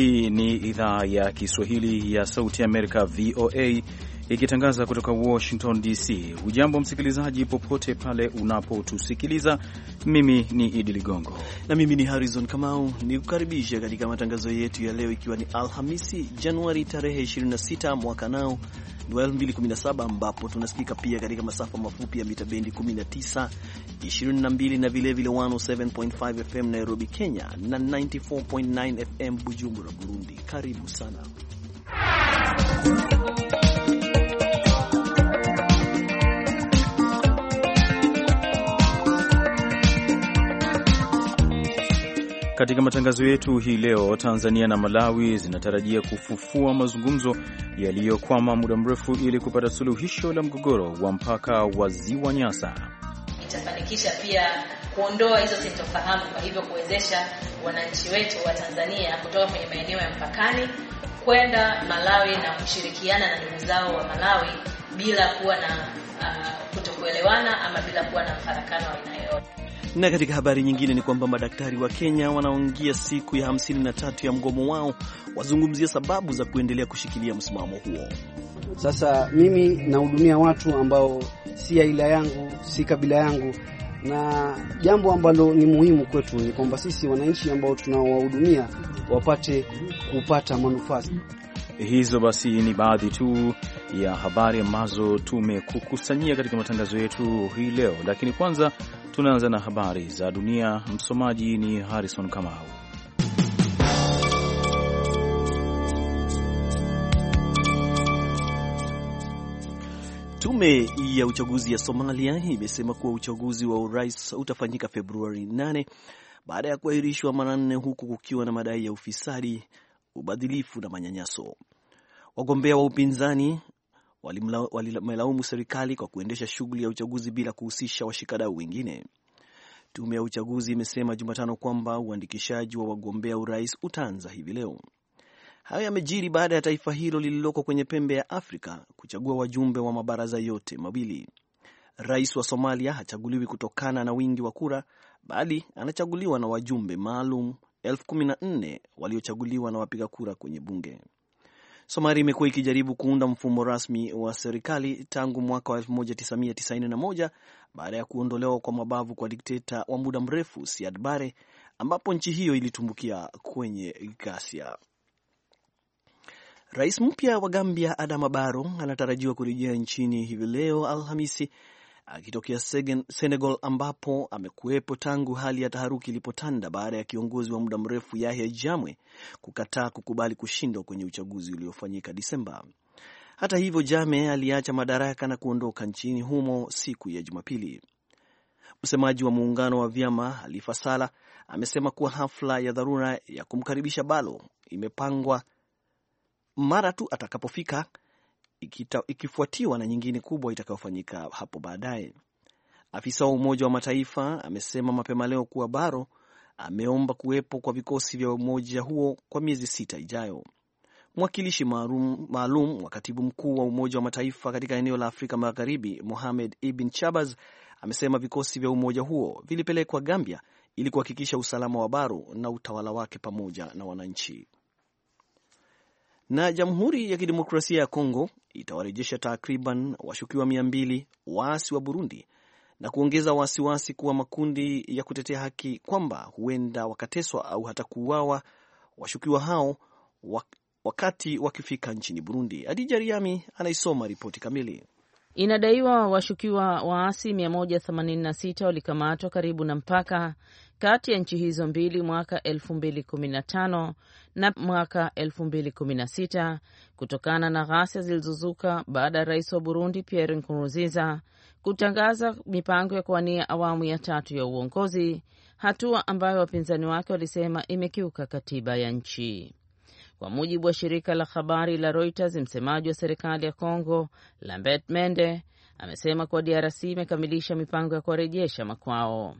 Hii ni idhaa ya Kiswahili ya Sauti Amerika, VOA, ikitangaza kutoka Washington DC. Hujambo msikilizaji, popote pale unapotusikiliza. Mimi ni Idi Ligongo na mimi ni Harrison Kamau, ni kukaribisha katika matangazo yetu ya leo, ikiwa ni Alhamisi Januari tarehe 26 mwaka nao 2017 ambapo tunasikika pia katika masafa mafupi ya mita bendi 19, 22 na vilevile 107.5 FM Nairobi, Kenya na 94.9 FM Bujumbura, Burundi. Karibu sana Katika matangazo yetu hii leo, Tanzania na Malawi zinatarajia kufufua mazungumzo yaliyokwama muda mrefu ili kupata suluhisho la mgogoro wa mpaka wa Ziwa Nyasa. Itafanikisha pia kuondoa hizo sintofahamu, kwa hivyo kuwezesha wananchi wetu wa Tanzania kutoka kwenye maeneo ya mpakani kwenda Malawi na kushirikiana na ndugu zao wa Malawi bila kuwa na uh, kutokuelewana ama bila kuwa na mfarakano wa aina yoyote. Na katika habari nyingine ni kwamba madaktari wa Kenya wanaoingia siku ya 53 ya mgomo wao wazungumzia sababu za kuendelea kushikilia msimamo huo. Sasa mimi nahudumia watu ambao si aila yangu, si kabila yangu, na jambo ambalo ni muhimu kwetu ni kwamba sisi wananchi ambao tunawahudumia wapate kupata manufaa. Hizo basi ni baadhi tu ya habari ambazo tumekukusanyia katika matangazo yetu hii leo, lakini kwanza tunaanza na habari za dunia. Msomaji ni Harrison Kamau. Tume ya uchaguzi ya Somalia imesema kuwa uchaguzi wa urais utafanyika Februari 8 baada ya kuahirishwa mara nne, huku kukiwa na madai ya ufisadi, ubadhilifu na manyanyaso. Wagombea wa upinzani walimelaumu serikali kwa kuendesha shughuli ya uchaguzi bila kuhusisha washikadau wengine. Tume ya uchaguzi imesema Jumatano kwamba uandikishaji wa wagombea urais utaanza hivi leo. Hayo yamejiri baada ya taifa hilo lililoko kwenye pembe ya Afrika kuchagua wajumbe wa mabaraza yote mawili. Rais wa Somalia hachaguliwi kutokana na wingi wa kura, bali anachaguliwa na wajumbe maalum elfu kumi na nne waliochaguliwa na wapiga kura kwenye bunge. Somalia imekuwa ikijaribu kuunda mfumo rasmi wa serikali tangu mwaka wa 1991 baada ya kuondolewa kwa mabavu kwa dikteta wa muda mrefu Siad Barre, ambapo nchi hiyo ilitumbukia kwenye ghasia. Rais mpya wa Gambia Adama Barrow anatarajiwa kurejea nchini hivi leo Alhamisi akitokea Senegal ambapo amekuwepo tangu hali ya taharuki ilipotanda baada ya kiongozi wa muda mrefu Yahya Jamwe kukataa kukubali kushindwa kwenye uchaguzi uliofanyika Disemba. Hata hivyo, jame aliacha madaraka na kuondoka nchini humo siku ya Jumapili. Msemaji wa muungano wa vyama Halifa Sala amesema kuwa hafla ya dharura ya kumkaribisha Balo imepangwa mara tu atakapofika ikita, ikifuatiwa na nyingine kubwa itakayofanyika hapo baadaye. Afisa wa Umoja wa Mataifa amesema mapema leo kuwa Baro ameomba kuwepo kwa vikosi vya umoja huo kwa miezi sita ijayo. Mwakilishi maalum wa katibu mkuu wa Umoja wa Mataifa katika eneo la Afrika Magharibi, Mohamed Ibn Chabas, amesema vikosi vya umoja huo vilipelekwa Gambia ili kuhakikisha usalama wa Baro na utawala wake pamoja na wananchi. Na Jamhuri ya Kidemokrasia ya Kongo itawarejesha takriban washukiwa mia mbili waasi wa Burundi na kuongeza wasiwasi wasi kuwa makundi ya kutetea haki kwamba huenda wakateswa au hata kuuawa washukiwa hao wakati wakifika nchini Burundi. Adija Riami anaisoma ripoti kamili. Inadaiwa washukiwa waasi 186 walikamatwa karibu na mpaka kati ya nchi hizo mbili mwaka 2015 na mwaka 2016 kutokana na ghasia zilizozuka baada ya rais wa Burundi Pierre Nkurunziza kutangaza mipango ya kuwania awamu ya tatu ya uongozi, hatua ambayo wapinzani wake walisema imekiuka katiba ya nchi. Kwa mujibu wa shirika la habari la Reuters, msemaji wa serikali ya Congo Lambert Mende amesema kuwa DRC imekamilisha mipango ya kuwarejesha makwao.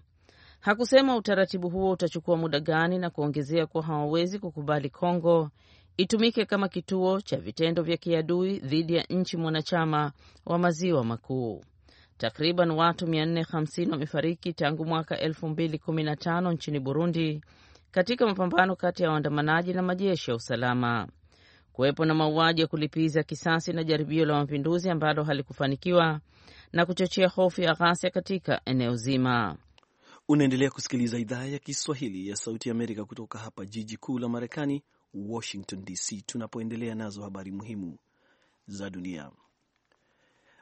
Hakusema utaratibu huo utachukua muda gani na kuongezea kuwa hawawezi kukubali Kongo itumike kama kituo cha vitendo vya kiadui dhidi ya nchi mwanachama wa maziwa makuu. Takriban watu 450 wamefariki tangu mwaka 2015 nchini Burundi katika mapambano kati ya waandamanaji na majeshi ya usalama. Kuwepo na mauaji ya kulipiza kisasi na jaribio la mapinduzi ambalo halikufanikiwa na kuchochea hofu ya ghasia katika eneo zima. Unaendelea kusikiliza idhaa ya Kiswahili ya Sauti ya Amerika kutoka hapa jiji kuu la Marekani, Washington DC, tunapoendelea nazo habari muhimu za dunia.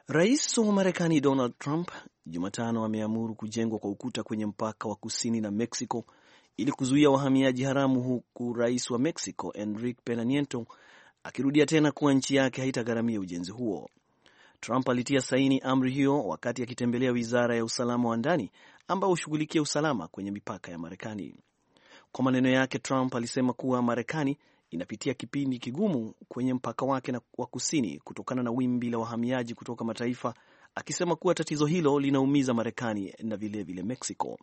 Rais wa Marekani Donald Trump Jumatano ameamuru kujengwa kwa ukuta kwenye mpaka wa kusini na Mexico ili kuzuia wahamiaji haramu, huku rais wa Mexico Enrique Pena Nieto akirudia tena kuwa nchi yake haitagharamia ujenzi huo. Trump alitia saini amri hiyo wakati akitembelea wizara ya usalama wa ndani ambao hushughulikia usalama kwenye mipaka ya Marekani. Kwa maneno yake, Trump alisema kuwa Marekani inapitia kipindi kigumu kwenye mpaka wake wa kusini kutokana na wimbi la wahamiaji kutoka mataifa, akisema kuwa tatizo hilo linaumiza Marekani na vilevile vile Mexico.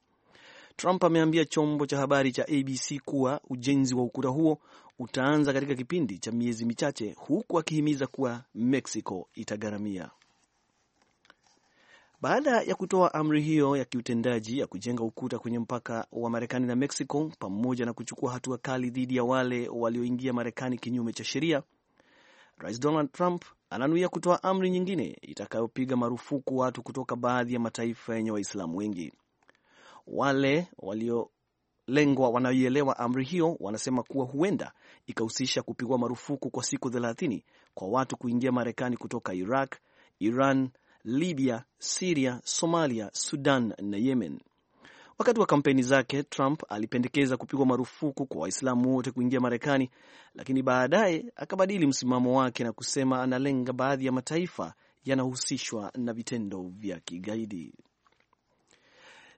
Trump ameambia chombo cha habari cha ABC kuwa ujenzi wa ukuta huo utaanza katika kipindi cha miezi michache, huku akihimiza kuwa Mexico itagharamia baada ya kutoa amri hiyo ya kiutendaji ya kujenga ukuta kwenye mpaka wa Marekani na Mexico pamoja na kuchukua hatua kali dhidi ya wale walioingia Marekani kinyume cha sheria, Rais Donald Trump ananuia kutoa amri nyingine itakayopiga marufuku watu kutoka baadhi ya mataifa yenye Waislamu wengi. Wale waliolengwa wanaoielewa amri hiyo wanasema kuwa huenda ikahusisha kupigwa marufuku kwa siku thelathini kwa watu kuingia Marekani kutoka Iraq, Iran Libya, Siria, Somalia, Sudan na Yemen. Wakati wa kampeni zake, Trump alipendekeza kupigwa marufuku kwa Waislamu wote kuingia Marekani, lakini baadaye akabadili msimamo wake na kusema analenga baadhi ya mataifa yanahusishwa na vitendo vya kigaidi.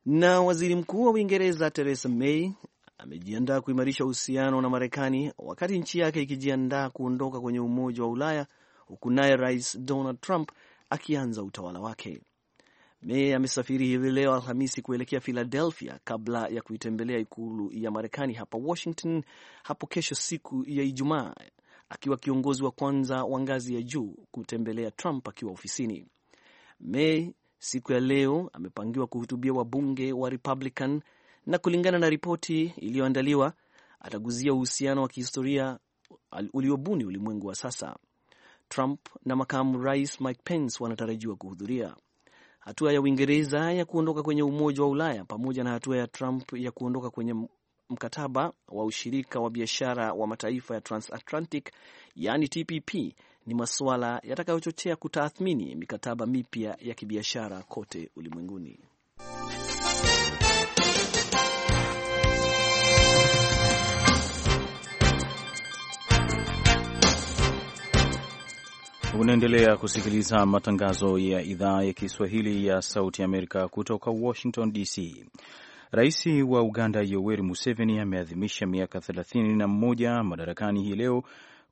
Na waziri mkuu wa Uingereza Theresa May amejiandaa kuimarisha uhusiano na Marekani wakati nchi yake ikijiandaa kuondoka kwenye Umoja wa Ulaya, huku naye Rais Donald Trump akianza utawala wake. May amesafiri hivi leo Alhamisi kuelekea Philadelphia kabla ya kuitembelea ikulu ya Marekani hapa Washington hapo kesho siku ya Ijumaa, akiwa kiongozi wa kwanza wa ngazi ya juu kutembelea Trump akiwa ofisini. May siku ya leo amepangiwa kuhutubia wabunge wa Republican na kulingana na ripoti iliyoandaliwa ataguzia uhusiano wa kihistoria uliobuni ulimwengu wa sasa. Trump na makamu rais Mike Pence wanatarajiwa kuhudhuria. Hatua ya Uingereza ya kuondoka kwenye Umoja wa Ulaya pamoja na hatua ya Trump ya kuondoka kwenye mkataba wa ushirika wa biashara wa mataifa ya transatlantic yaani TPP ni masuala yatakayochochea kutathmini mikataba mipya ya kibiashara kote ulimwenguni. Unaendelea kusikiliza matangazo ya idhaa ya Kiswahili ya Sauti Amerika kutoka Washington DC. Rais wa Uganda Yoweri Museveni ameadhimisha miaka 31 na mmoja madarakani hii leo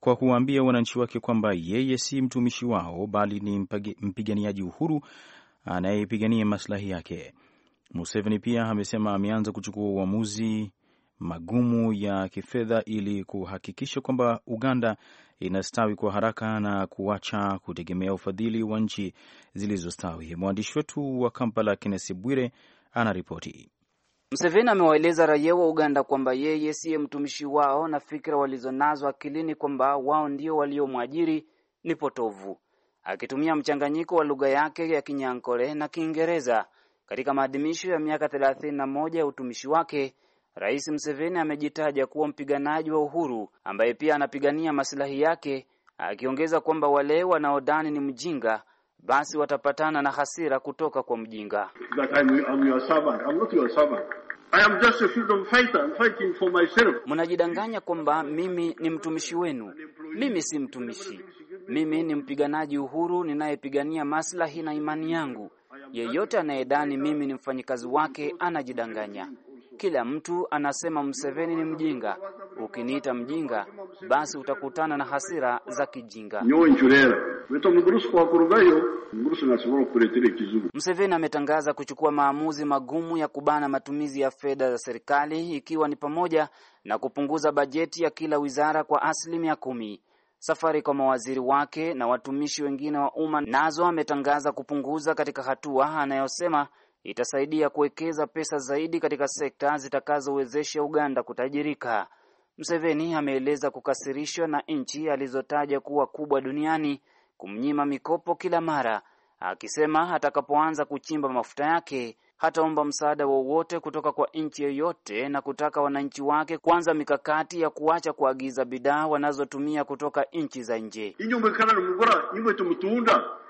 kwa kuwaambia wananchi wake kwamba yeye si mtumishi wao bali ni mpiganiaji uhuru anayepigania maslahi yake. Museveni pia amesema ameanza kuchukua uamuzi magumu ya kifedha ili kuhakikisha kwamba Uganda inastawi kwa haraka na kuacha kutegemea ufadhili wa nchi zilizostawi. Mwandishi wetu wa Kampala, Kennesi Bwire, anaripoti. Mseveni amewaeleza raia wa Uganda kwamba yeye siye mtumishi wao na fikira walizonazo akilini kwamba wao ndio waliomwajiri ni potovu, akitumia mchanganyiko wa lugha yake ya Kinyankole na Kiingereza katika maadhimisho ya miaka 31 ya utumishi wake Rais Museveni amejitaja kuwa mpiganaji wa uhuru ambaye pia anapigania masilahi yake, akiongeza kwamba wale wanaodhani ni mjinga basi watapatana na hasira kutoka kwa mjinga. Mnajidanganya kwamba mimi ni mtumishi wenu. Mimi si mtumishi, mimi ni mpiganaji uhuru ninayepigania maslahi na imani yangu. Yeyote anayedhani mimi ni mfanyikazi wake anajidanganya. Kila mtu anasema mseveni ni mjinga. Ukiniita mjinga, basi utakutana na hasira za kijinga. mseveni ametangaza kuchukua maamuzi magumu ya kubana matumizi ya fedha za serikali, ikiwa ni pamoja na kupunguza bajeti ya kila wizara kwa asilimia kumi. Safari kwa mawaziri wake na watumishi wengine wa umma nazo ametangaza kupunguza katika hatua anayosema itasaidia kuwekeza pesa zaidi katika sekta zitakazowezesha Uganda kutajirika. mseveni ameeleza kukasirishwa na nchi alizotaja kuwa kubwa duniani kumnyima mikopo kila mara, akisema atakapoanza kuchimba mafuta yake hataomba msaada wowote kutoka kwa nchi yoyote na kutaka wananchi wake kuanza mikakati ya kuacha kuagiza bidhaa wanazotumia kutoka nchi za nje.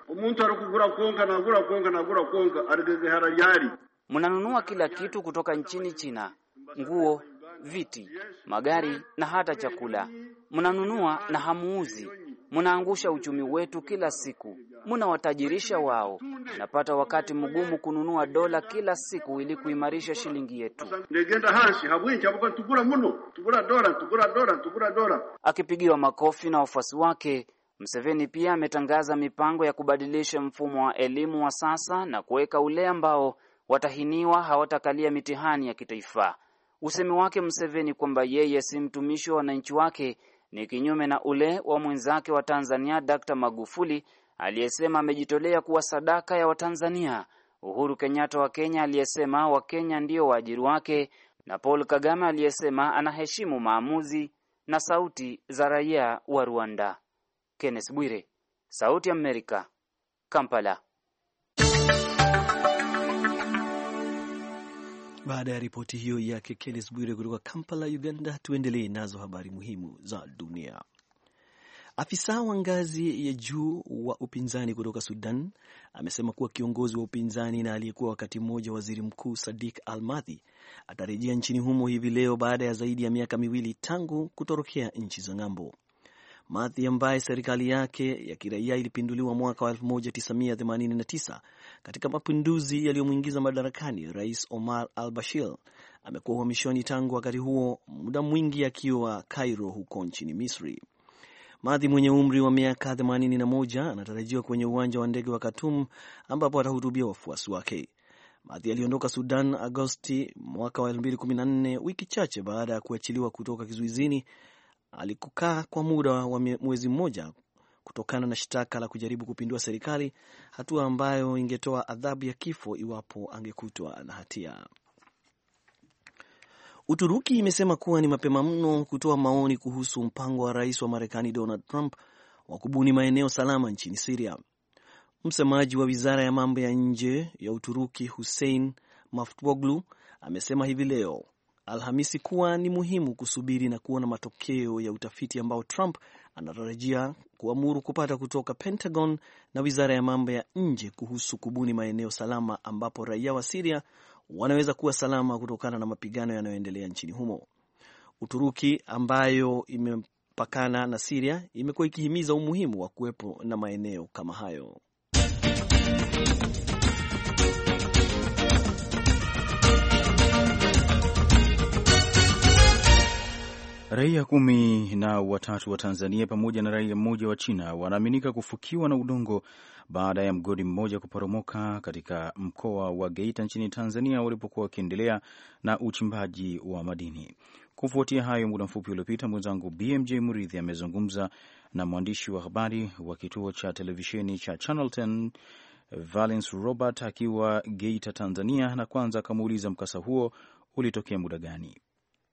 Umuntu alikugura konka nagura konka nagura konka aligegehara yari. Mnanunua kila kitu kutoka nchini China, nguo, viti, magari na hata chakula. Mnanunua na hamuuzi. Mnaangusha uchumi wetu kila siku, mnawatajirisha wao. Napata wakati mgumu kununua dola kila siku ili kuimarisha shilingi yetu. Akipigiwa makofi na wafuasi wake, Mseveni pia ametangaza mipango ya kubadilisha mfumo wa elimu wa sasa na kuweka ule ambao watahiniwa hawatakalia mitihani ya kitaifa. Usemi wake Mseveni kwamba yeye si mtumishi wa wananchi wake ni kinyume na ule wa mwenzake wa Tanzania Dr. Magufuli aliyesema amejitolea kuwa sadaka ya Watanzania, Uhuru Kenyatta wa Kenya aliyesema Wakenya ndio waajiri wake, na Paul Kagame aliyesema anaheshimu maamuzi na sauti za raia wa Rwanda. Kenneth Bwire, Sauti Amerika, Kampala. Baada ya ripoti hiyo yake Kenneth Bwire kutoka Kampala, Uganda, tuendelee nazo habari muhimu za dunia. Afisa wa ngazi ya juu wa upinzani kutoka Sudan amesema kuwa kiongozi wa upinzani na aliyekuwa wakati mmoja waziri mkuu Sadik Almadhi atarejea nchini humo hivi leo baada ya zaidi ya miaka miwili tangu kutorokea nchi za ng'ambo. Mathi ambaye serikali yake ya kiraia ilipinduliwa mwaka wa 1989 katika mapinduzi yaliyomwingiza madarakani Rais Omar al-Bashir amekuwa uhamishoni tangu wakati huo, muda mwingi akiwa Cairo huko nchini Misri. madhi mwenye umri wa miaka 81 anatarajiwa kwenye uwanja wa ndege wa Khartoum ambapo atahutubia wafuasi wake. madhi aliondoka Sudan Agosti mwaka wa 2014 wiki chache baada ya kuachiliwa kutoka kizuizini alikukaa kwa muda wa mwezi mmoja kutokana na shtaka la kujaribu kupindua serikali, hatua ambayo ingetoa adhabu ya kifo iwapo angekutwa na hatia. Uturuki imesema kuwa ni mapema mno kutoa maoni kuhusu mpango wa rais wa Marekani Donald Trump wa kubuni maeneo salama nchini Siria. Msemaji wa wizara ya mambo ya nje ya Uturuki Hussein Maftwoglu amesema hivi leo Alhamisi kuwa ni muhimu kusubiri na kuona matokeo ya utafiti ambao Trump anatarajia kuamuru kupata kutoka Pentagon na wizara ya mambo ya nje kuhusu kubuni maeneo salama ambapo raia wa Siria wanaweza kuwa salama kutokana na mapigano yanayoendelea nchini humo. Uturuki ambayo imepakana na Siria imekuwa ikihimiza umuhimu wa kuwepo na maeneo kama hayo. Raia kumi na watatu wa Tanzania pamoja na raia mmoja wa China wanaaminika kufukiwa na udongo baada ya mgodi mmoja kuporomoka katika mkoa wa Geita nchini Tanzania walipokuwa wakiendelea na uchimbaji wa madini. Kufuatia hayo, muda mfupi uliopita, mwenzangu BMJ Murithi amezungumza na mwandishi wa habari wa kituo cha televisheni cha Channel 10 Valence Robert akiwa Geita, Tanzania, na kwanza akamuuliza mkasa huo ulitokea muda gani?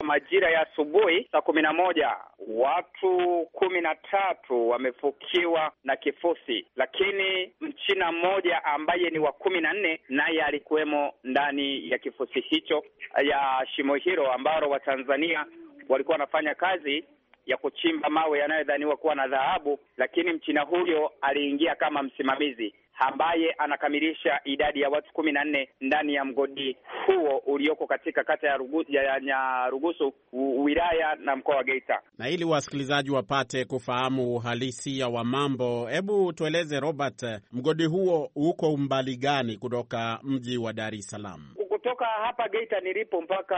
Majira ya asubuhi saa kumi na moja watu kumi na tatu wamefukiwa na kifusi, lakini mchina mmoja ambaye ni wa kumi na nne naye alikuwemo ndani ya kifusi hicho eh, ya shimo hilo ambalo Watanzania walikuwa wanafanya kazi ya kuchimba mawe yanayodhaniwa kuwa na dhahabu, lakini mchina huyo aliingia kama msimamizi ambaye anakamilisha idadi ya watu kumi na nne ndani ya mgodi huo ulioko katika kata ya Rugusu, ya Nyarugusu wilaya na mkoa wa Geita. Na ili wasikilizaji wapate kufahamu uhalisia wa mambo, hebu tueleze Robert, mgodi huo uko umbali gani kutoka mji wa Dar es Salaam? kutoka hapa Geita nilipo mpaka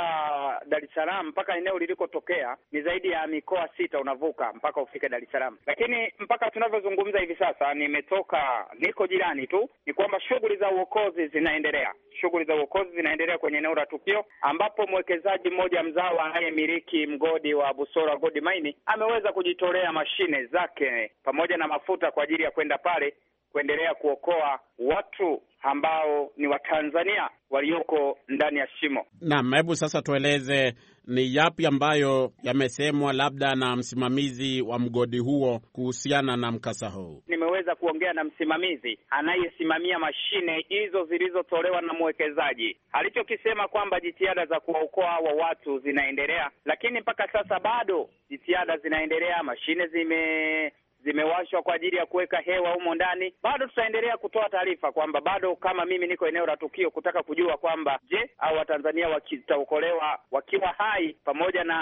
Dar es Salaam, mpaka eneo lilikotokea ni zaidi ya mikoa sita, unavuka mpaka ufike Dar es Salaam. Lakini mpaka tunavyozungumza hivi sasa, nimetoka niko jirani tu, ni kwamba shughuli za uokozi zinaendelea shughuli za uokozi zinaendelea kwenye eneo la tukio ambapo mwekezaji mmoja mzawa anayemiliki mgodi wa Busora Gold Mine ameweza kujitolea mashine zake pamoja na mafuta kwa ajili ya kwenda pale kuendelea kuokoa watu ambao ni Watanzania walioko ndani ya shimo. Naam, hebu sasa tueleze ni yapi ambayo yamesemwa labda na msimamizi wa mgodi huo kuhusiana na mkasa huu? Nimeweza kuongea na msimamizi anayesimamia mashine hizo zilizotolewa na mwekezaji, alichokisema kwamba jitihada za kuwaokoa hawa watu zinaendelea, lakini mpaka sasa bado jitihada zinaendelea. Mashine zime zimewashwa kwa ajili ya kuweka hewa humo ndani. Bado tutaendelea kutoa taarifa kwamba bado kama mimi niko eneo la tukio kutaka kujua kwamba je, au Watanzania wakitaokolewa wakiwa hai pamoja na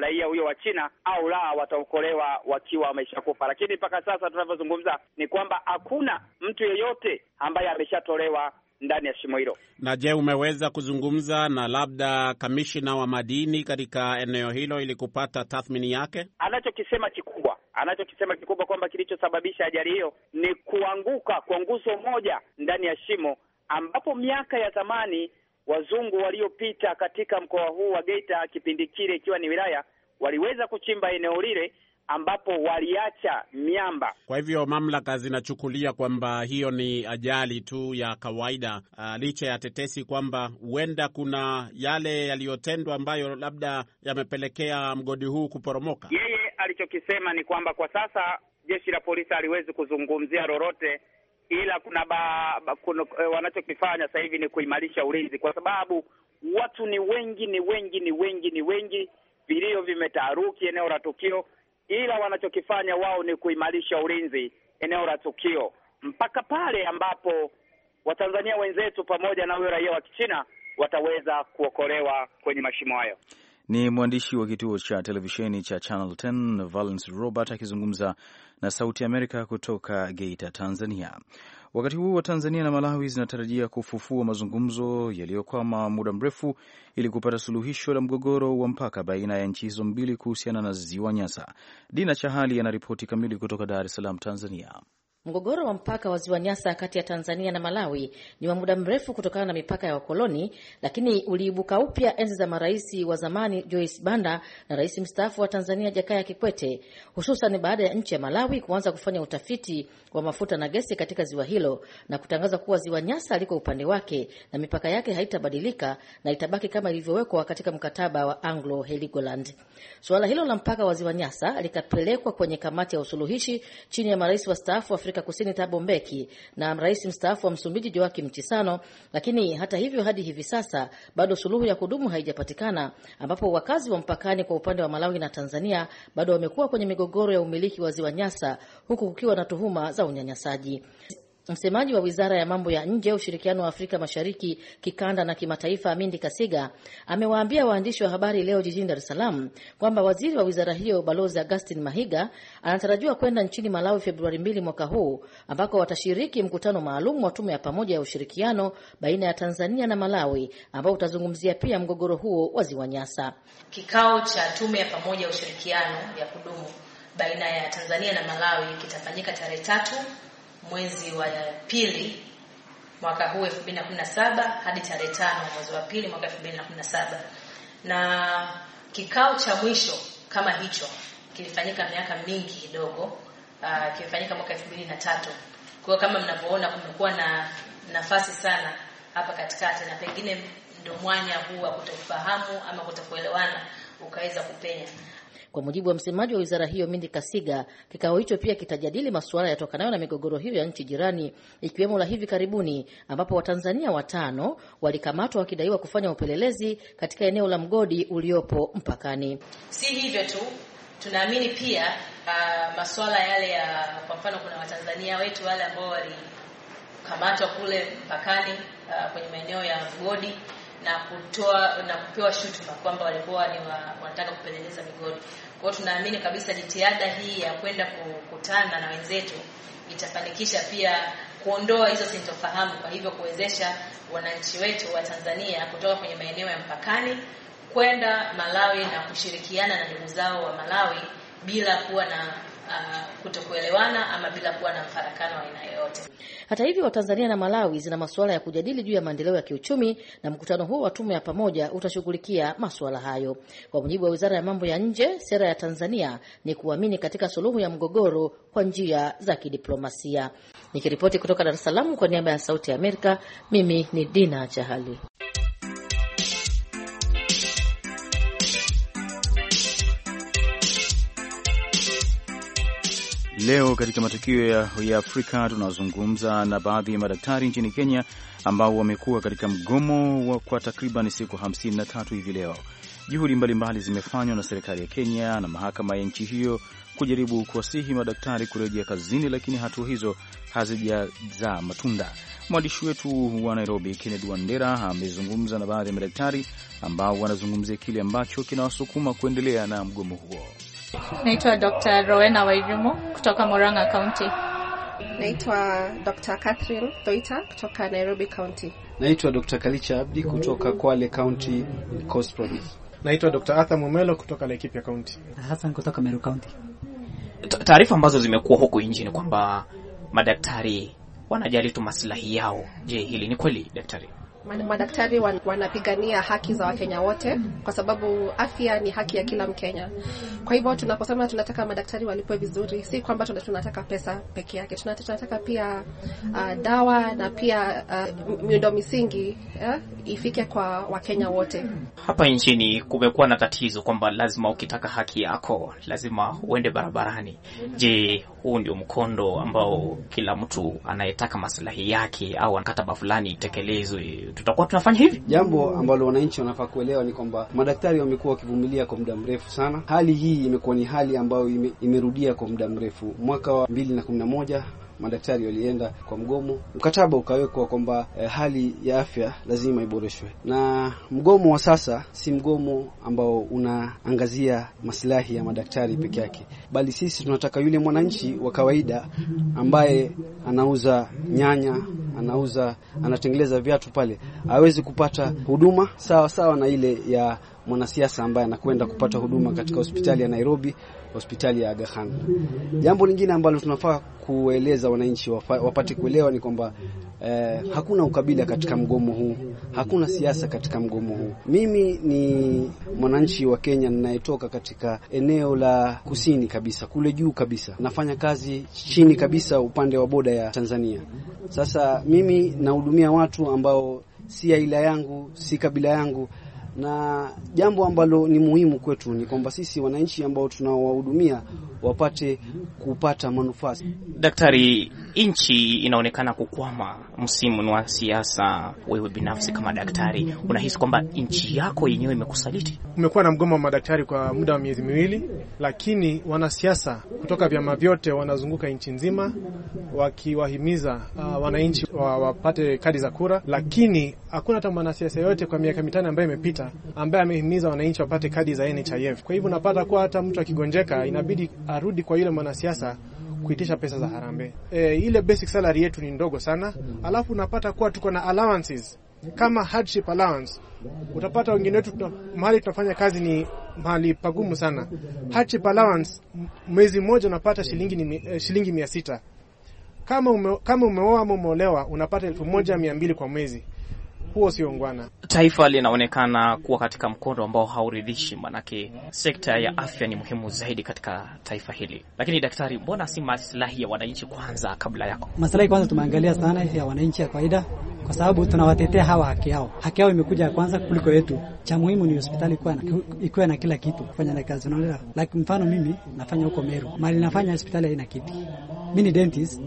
raia huyo wa China au la, wataokolewa wakiwa wameshakufa. Lakini mpaka sasa tunavyozungumza ni kwamba hakuna mtu yeyote ambaye ameshatolewa ndani ya shimo hilo. Na je, umeweza kuzungumza na labda kamishina wa madini katika eneo hilo ili kupata tathmini yake? Anachokisema kikubwa anachokisema kikubwa kwamba kilichosababisha ajali hiyo ni kuanguka kwa nguzo moja ndani ya shimo ambapo miaka ya zamani wazungu waliopita katika mkoa huu wa Geita kipindi kile ikiwa ni wilaya waliweza kuchimba eneo lile ambapo waliacha miamba. Kwa hivyo mamlaka zinachukulia kwamba hiyo ni ajali tu ya kawaida, uh, licha ya tetesi kwamba huenda kuna yale yaliyotendwa ambayo labda yamepelekea mgodi huu kuporomoka. Yeye alichokisema ni kwamba kwa sasa jeshi la polisi haliwezi kuzungumzia lolote, ila kuna, ba, kuna eh, wanachokifanya sasa hivi ni kuimarisha ulinzi, kwa sababu watu ni wengi, ni wengi, ni wengi, ni wengi, vilio vimetaharuki eneo la tukio ila wanachokifanya wao ni kuimarisha ulinzi eneo la tukio mpaka pale ambapo Watanzania wenzetu pamoja na huyo raia wa Kichina wataweza kuokolewa kwenye mashimo hayo. Ni mwandishi wa kituo cha televisheni cha Channel 10 Valence Robert akizungumza na Sauti Amerika kutoka Geita, Tanzania. Wakati huo Tanzania na Malawi zinatarajia kufufua mazungumzo yaliyokwama muda mrefu ili kupata suluhisho la mgogoro wa mpaka baina ya nchi hizo mbili kuhusiana na ziwa Nyasa. Dina Chahali anaripoti kamili kutoka Dar es Salaam, Tanzania. Mgogoro wa mpaka wa ziwa Nyasa kati ya Tanzania na Malawi ni wa muda mrefu kutokana na mipaka ya wakoloni, lakini uliibuka upya enzi za marais wa zamani Joyce Banda na rais mstaafu wa Tanzania Jakaya Kikwete, hususan baada ya nchi ya Malawi kuanza kufanya utafiti wa mafuta na gesi katika ziwa hilo na kutangaza kuwa ziwa Nyasa liko upande wake na mipaka yake haitabadilika na itabaki kama ilivyowekwa katika mkataba wa Anglo Heligoland. Suala hilo la mpaka wa ziwa Nyasa likapelekwa kwenye kamati ya usuluhishi chini ya marais wastaafu wa Afrika Kusini Thabo Mbeki na rais mstaafu wa Msumbiji Joaki Mchisano, lakini hata hivyo, hadi hivi sasa bado suluhu ya kudumu haijapatikana, ambapo wakazi wa mpakani kwa upande wa Malawi na Tanzania bado wamekuwa kwenye migogoro ya umiliki wa ziwa Nyasa huku kukiwa na tuhuma za unyanyasaji. Msemaji wa wizara ya mambo ya nje, ushirikiano wa Afrika Mashariki, kikanda na kimataifa, Amindi Kasiga amewaambia waandishi wa habari leo jijini Dar es Salaam kwamba waziri wa wizara hiyo Balozi Augustin Mahiga anatarajiwa kwenda nchini Malawi Februari mbili mwaka huu ambako watashiriki mkutano maalum wa tume ya pamoja ya ushirikiano baina ya Tanzania na Malawi ambao utazungumzia pia mgogoro huo wa ziwa Nyasa. Kikao cha tume ya pamoja ya ushirikiano ya kudumu baina ya Tanzania na Malawi kitafanyika tarehe tatu mwezi wa pili mwaka huu 2017 hadi tarehe tano mwezi wa pili mwaka 2017 na kikao cha mwisho kama hicho kilifanyika miaka mingi kidogo. Uh, kilifanyika mwaka 2003. Kwa kama mnavyoona kumekuwa na nafasi sana hapa katikati, na pengine ndio mwanya huu wa kutofahamu ama kutokuelewana ukaweza kupenya. Kwa mujibu wa msemaji wa wizara hiyo Mindi Kasiga, kikao hicho pia kitajadili masuala yatokanayo na migogoro hiyo ya nchi jirani, ikiwemo la hivi karibuni ambapo Watanzania watano walikamatwa wakidaiwa kufanya upelelezi katika eneo la mgodi uliopo mpakani. Si hivyo tu, tunaamini pia uh, masuala yale ya kwa mfano, kuna Watanzania wetu wale ambao walikamatwa kule mpakani uh, kwenye maeneo ya mgodi na kutoa na kupewa shutuma kwamba walikuwa ni wanataka kupeleleza migodi. Kwa tunaamini kabisa jitihada hii ya kwenda kukutana na wenzetu itafanikisha pia kuondoa hizo sintofahamu, kwa hivyo kuwezesha wananchi wetu wa Tanzania kutoka kwenye maeneo ya mpakani kwenda Malawi na kushirikiana na ndugu zao wa Malawi bila kuwa na Uh, kutokuelewana ama bila kuwa na mfarakano aina yoyote. Hata hivyo, Tanzania na Malawi zina masuala ya kujadili juu ya maendeleo ya kiuchumi na mkutano huu wa tume ya pamoja utashughulikia masuala hayo. Kwa mujibu wa Wizara ya Mambo ya Nje, sera ya Tanzania ni kuamini katika suluhu ya mgogoro kwa njia za kidiplomasia. Nikiripoti kutoka Dar es Salaam kwa niaba ya Sauti ya Amerika, mimi ni Dina Chahali. leo katika matukio ya, ya Afrika tunazungumza na baadhi ya madaktari nchini Kenya ambao wamekuwa katika mgomo wa kwa takriban siku 53 hivi leo. Juhudi mbalimbali zimefanywa na serikali ya Kenya na mahakama ya nchi hiyo kujaribu kuwasihi madaktari kurejea kazini, lakini hatua hizo hazijazaa matunda. Mwandishi wetu wa Nairobi, Kennedy Wandera, amezungumza na baadhi ya madaktari ambao wanazungumzia kile ambacho kinawasukuma kuendelea na mgomo huo. Naitwa Dr. Rowena Wairimu kutoka Murang'a County. Naitwa Dr. Catherine Toita kutoka Nairobi County. Naitwa Dr. Kalicha Abdi kutoka Kwale County, Coast Province. Naitwa Dr. Arthur Mumelo kutoka Laikipia County. Hassan kutoka Meru County. Taarifa ambazo zimekuwa huko nje ni kwamba madaktari wanajali tu maslahi yao. Je, hili ni kweli daktari? Madaktari wanapigania haki za Wakenya wote, kwa sababu afya ni haki ya kila Mkenya. Kwa hivyo tunaposema tunataka madaktari walipwe vizuri, si kwamba tunataka pesa peke yake, tunataka pia uh, dawa na pia uh, miundo misingi yeah, ifike kwa Wakenya wote. Hapa nchini kumekuwa na tatizo kwamba lazima ukitaka haki yako lazima uende barabarani. Je, huu ndio mkondo ambao kila mtu anayetaka maslahi yake au mkataba fulani itekelezwe, tutakuwa tunafanya hivi. Jambo ambalo wananchi wanafaa kuelewa ni kwamba madaktari wamekuwa wakivumilia kwa muda mrefu sana. Hali hii imekuwa ni hali ambayo ime, imerudia kwa muda mrefu. Mwaka wa 2011 madaktari walienda kwa mgomo, mkataba ukawekwa kwamba eh, hali ya afya lazima iboreshwe, na mgomo wa sasa si mgomo ambao unaangazia masilahi ya madaktari peke yake, bali sisi tunataka yule mwananchi wa kawaida ambaye anauza nyanya anauza anatengeleza viatu pale aweze kupata huduma sawa sawa na ile ya mwanasiasa ambaye anakwenda kupata huduma katika hospitali ya Nairobi, hospitali ya Aga Khan. Jambo lingine ambalo tunafaa kueleza wananchi wapate kuelewa ni kwamba eh, hakuna ukabila katika mgomo huu, hakuna siasa katika mgomo huu. Mimi ni mwananchi wa Kenya ninayetoka katika eneo la kusini kabisa, kule juu kabisa, nafanya kazi chini kabisa, upande wa boda ya Tanzania. Sasa mimi nahudumia watu ambao si aila yangu, si kabila yangu na jambo ambalo ni muhimu kwetu ni kwamba sisi wananchi ambao tunawahudumia wapate kupata manufaa. Daktari nchi inaonekana kukwama msimu wa siasa, wewe binafsi kama daktari unahisi kwamba nchi yako yenyewe imekusaliti? Kumekuwa na mgomo wa madaktari kwa muda wa miezi miwili, lakini wanasiasa kutoka vyama vyote wanazunguka nchi nzima wakiwahimiza uh, wananchi wa, wapate kadi za kura, lakini hakuna hata mwanasiasa yote kwa miaka mitano ambayo imepita ambaye amehimiza wananchi wapate kadi za NHIF. Kwa hivyo unapata kuwa hata mtu akigonjeka inabidi arudi kwa yule mwanasiasa kuitisha pesa za harambee. E, ile basic salary yetu ni ndogo sana, alafu unapata kuwa tuko na allowances kama hardship allowance. Utapata wengine wetu mahali tunafanya kazi ni mahali pagumu sana. Hardship allowance mwezi mmoja unapata shilingi ni, eh, shilingi mia sita. Kama ume, kama umeoa ama umeolewa unapata elfu moja mia mbili kwa mwezi huo sio ungwana. Taifa linaonekana kuwa katika mkondo ambao hauridhishi, manake sekta ya afya ni muhimu zaidi katika taifa hili. Lakini daktari, mbona si maslahi ya wananchi kwanza kabla yako? Maslahi kwanza tumeangalia sana ya wananchi ya kawaida kwa sababu tunawatetea hawa haki yao, haki yao imekuja ya kwanza kuliko yetu. Cha muhimu ni hospitali ikiwa na kila kitu kufanya na kazi, unaona. Like mfano mimi nafanya huko Meru, mali nafanya hospitali haina kiti. Mimi ni dentist,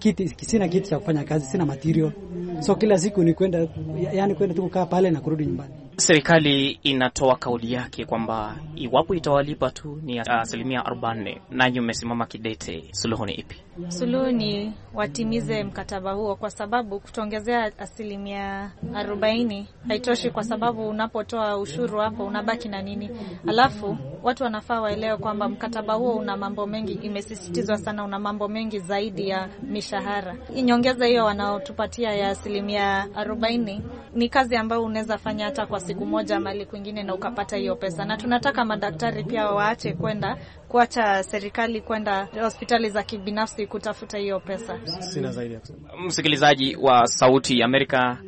kiti, sina kiti cha kufanya kazi, sina material, so kila siku ni kwenda, yani kwenda tu kukaa pale na kurudi nyumbani. Serikali inatoa kauli yake kwamba iwapo itawalipa tu ni asilimia arobaini. Nanyi umesimama kidete, suluhu ni ipi? Suluhu ni watimize mkataba huo, kwa sababu kutongezea asilimia 40 haitoshi, kwa sababu unapotoa ushuru hapo unabaki na nini? Alafu watu wanafaa waelewe kwamba mkataba huo una mambo mengi, imesisitizwa sana, una mambo mengi zaidi ya mishahara. Nyongeza hiyo wanaotupatia ya asilimia 40 ni kazi ambayo unaweza fanya hata kwa siku moja mali kwingine na ukapata hiyo pesa. Na tunataka madaktari pia waache kwenda kuacha serikali kwenda hospitali za kibinafsi kutafuta hiyo pesa. Sina zaidi ya kusema. Msikilizaji wa Sauti ya Amerika,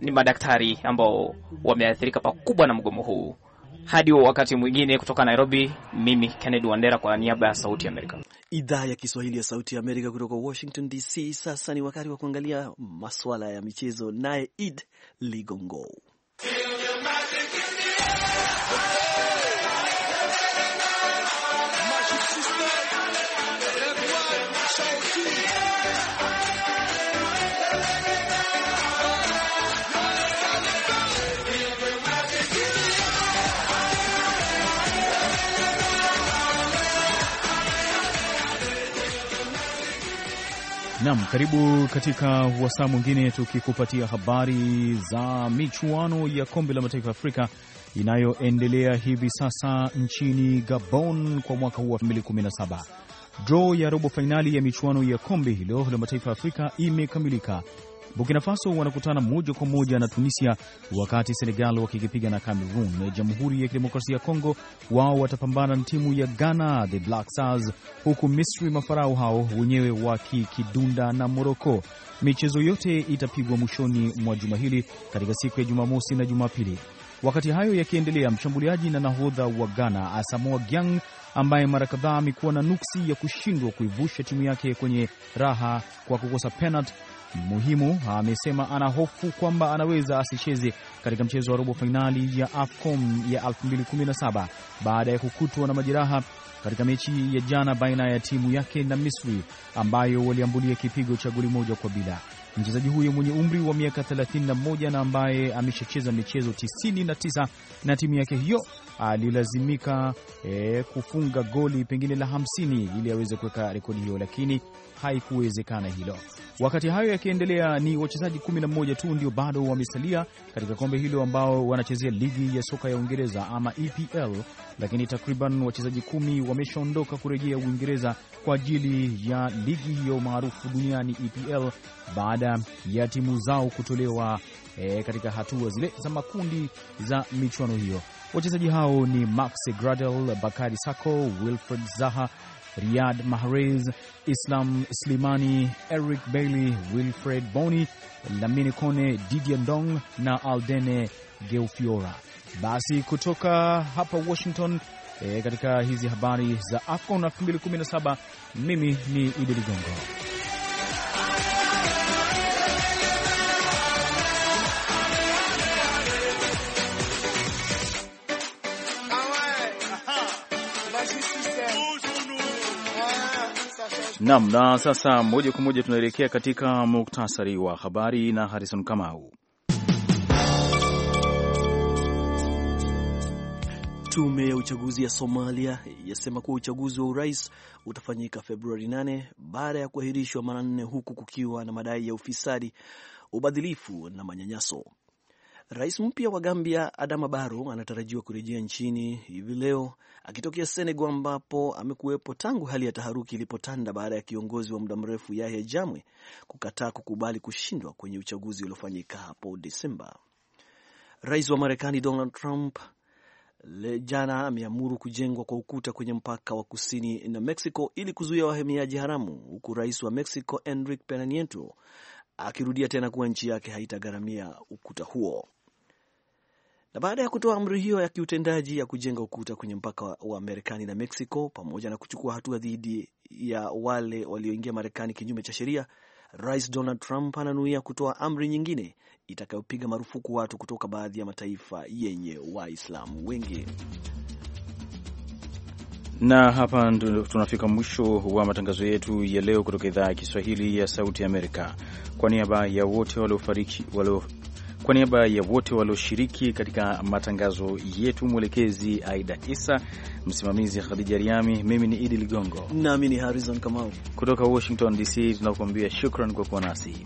ni madaktari ambao wameathirika pakubwa na mgomo huu. Hadi wakati mwingine, kutoka Nairobi, mimi Kennedy Wandera kwa niaba ya Sauti ya Amerika, idhaa ya Kiswahili ya Sauti ya Amerika kutoka Washington DC. Sasa ni wakati wa kuangalia masuala ya michezo, naye Id Ligongo your the Naam, karibu katika wasaa mwingine tukikupatia habari za michuano ya kombe la mataifa Afrika inayoendelea hivi sasa nchini Gabon kwa mwaka huu wa 2017. Draw ya robo fainali ya michuano ya kombe hilo la mataifa Afrika imekamilika Burkina Faso wanakutana moja kwa moja na Tunisia, wakati Senegal wakikipiga na Cameroon. Jamhuri ya Kidemokrasia ya Kongo wao watapambana na timu ya Ghana, the Black Stars, huku Misri mafarao hao wenyewe wakikidunda na Moroko. Michezo yote itapigwa mwishoni mwa juma hili katika siku ya Jumamosi na Jumapili. Wakati hayo yakiendelea, mshambuliaji na nahodha wa Ghana Asamoah Gyan ambaye mara kadhaa amekuwa na nuksi ya kushindwa kuivusha timu yake kwenye raha kwa kukosa penalti muhimu amesema ana hofu kwamba anaweza asicheze katika mchezo wa robo fainali ya AFCON ya 2017 baada ya kukutwa na majeraha katika mechi ya jana baina ya timu yake na Misri ambayo waliambulia kipigo cha goli moja kwa bila. Mchezaji huyo mwenye umri wa miaka 31 na ambaye ameshacheza michezo 99 na timu yake hiyo alilazimika e, kufunga goli pengine la 50 ili aweze kuweka rekodi hiyo, lakini haikuwezekana hilo. Wakati hayo yakiendelea, ni wachezaji 11 tu ndio bado wamesalia katika kombe hilo ambao wanachezea ligi ya soka ya Uingereza ama EPL, lakini takriban wachezaji kumi wameshaondoka kurejea Uingereza kwa ajili ya ligi hiyo maarufu duniani EPL baada ya timu zao kutolewa e, katika hatua zile za makundi za michuano hiyo. Wachezaji hao ni Max Gradel, Bakari Sako, Wilfred Zaha Riyad Mahrez, Islam Slimani, Eric Bailey, Wilfred boni Lamine Kone, Didier Ndong na Aldene Geufiora. Basi kutoka hapa Washington e, katika hizi habari za AFCON 2017 mimi ni Idi Ligongo. Naam, na sasa moja kwa moja tunaelekea katika muktasari wa habari na Harrison Kamau. Tume ya uchaguzi ya Somalia yasema kuwa uchaguzi wa urais utafanyika Februari 8 baada ya kuahirishwa mara nne, huku kukiwa na madai ya ufisadi, ubadhilifu na manyanyaso. Rais mpya wa Gambia Adama Barrow anatarajiwa kurejea nchini hivi leo akitokea Senego, ambapo amekuwepo tangu hali ya taharuki ilipotanda baada ya kiongozi wa muda mrefu Yahya Jamwe kukataa kukubali kushindwa kwenye uchaguzi uliofanyika hapo Desemba. Rais wa Marekani Donald Trump jana ameamuru kujengwa kwa ukuta kwenye mpaka wa kusini na Mexico ili kuzuia wahamiaji haramu, huku rais wa Mexico Enrique Pena Nieto akirudia tena kuwa nchi yake haitagharamia ukuta huo na baada ya kutoa amri hiyo ya kiutendaji ya kujenga ukuta kwenye mpaka wa Marekani na Mexico pamoja na kuchukua hatua dhidi ya wale walioingia Marekani kinyume cha sheria, Rais Donald Trump ananuia kutoa amri nyingine itakayopiga marufuku watu kutoka baadhi ya mataifa yenye Waislamu wengi. Na hapa tunafika mwisho wa matangazo yetu ya leo kutoka idhaa ya Kiswahili ya Sauti Amerika. Kwa niaba ya wote waliofariki walio kwa niaba ya wote walioshiriki katika matangazo yetu, mwelekezi Aida Isa, msimamizi Khadija Riami, mimi ni Idi Ligongo nami ni Harrison Kamau kutoka Washington DC, tunakuambia shukran kwa kuwa nasi.